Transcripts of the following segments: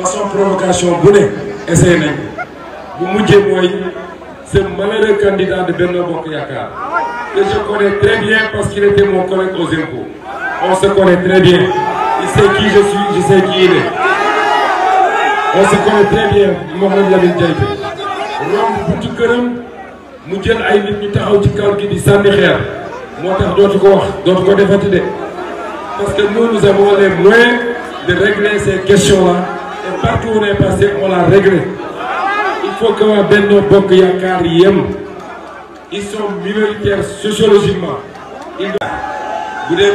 façon provocation bu ne essayé nañ bu c'est mooy malheureux candidat de Benno Bokk Et que je connais très bien parce qu'il était mon collègue aux impôts on se connaît très bien il sait qui je suis je sais qui il est on se connaît très bien Mouhamed Lamine Diaité romb buntu këram mu jël ay nit ñu taxaw ci kaw gi di sànni xeer moo tax ko wax ko parce que nous nous avons les moyens de régler ces questions là partout où on est passé, on l'a réglé. Il faut que Benno Bok Yakar yem. Ils sont minoritaires sociologiquement. Ils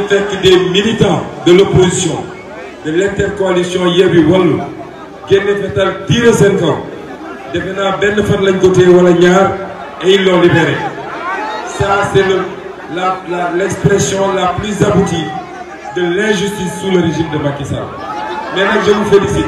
faire que des militants de l'opposition, de l'intercoalition Yebi Wallou. fait Fetal tirer 5 ans. Devenant Ben Fan Langote Walanyar et ils l'ont libéré. Ça, c'est l'expression la, la plus aboutie de l'injustice sous le régime de Macky Sall. Maintenant, je vous félicite.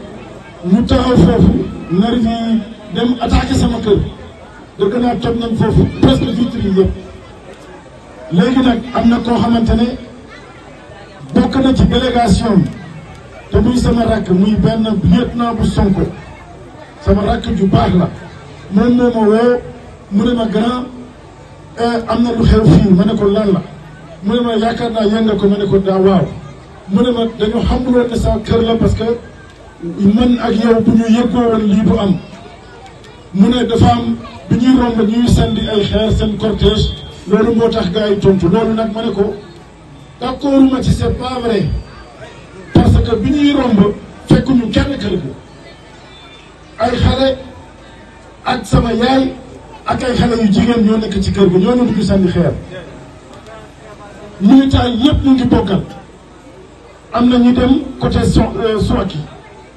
ñu taxaw foofu nar ñu dem attaqué sama kër dëgg naa toj nañ foofu presque vitres léegi nag am na koo xamante ne bokk na ci délégation te muy sama rakk muy benn lieutenant bu Sonko sama rakk ju baax la moom moo ma woo mu ne ma grand eh, am na lu xew fii ma ne ko lan la mu ne ma yakaar naa yënga ko ma ne ko daa waaw mu ne ma dañu xamuloon ne sa kër la parce que man ak yow bu ñu yëggoo am mu ne dafa am bi ñuy romb ñuy sandi ay xeer seen cortège loolu moo tax gars yi tontu loolu nag ma ne ko d'accorduma ci c'est pas vrai parce que bi ñuy romb fekkuñu kenn kër ko ay xale ak sama yaay ak ay xale yu jigéen ñoo nekk ci kër gi ñoo nekk ñu sànni xeer militaires yëpp ñu ngi bokkal am na ñu dem côté so yi euh,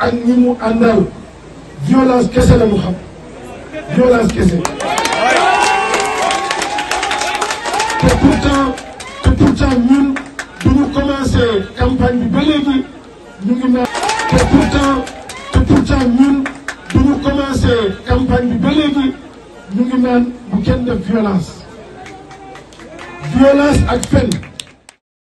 violence ñi violence la mu xam violence kessé te pourtant que pourtant ñun nous commencer campagne bi ba légui ñu ngi pourtant pourtant ñun du commencer campagne bi ba légui ñu ngi naan violence violence ak peine.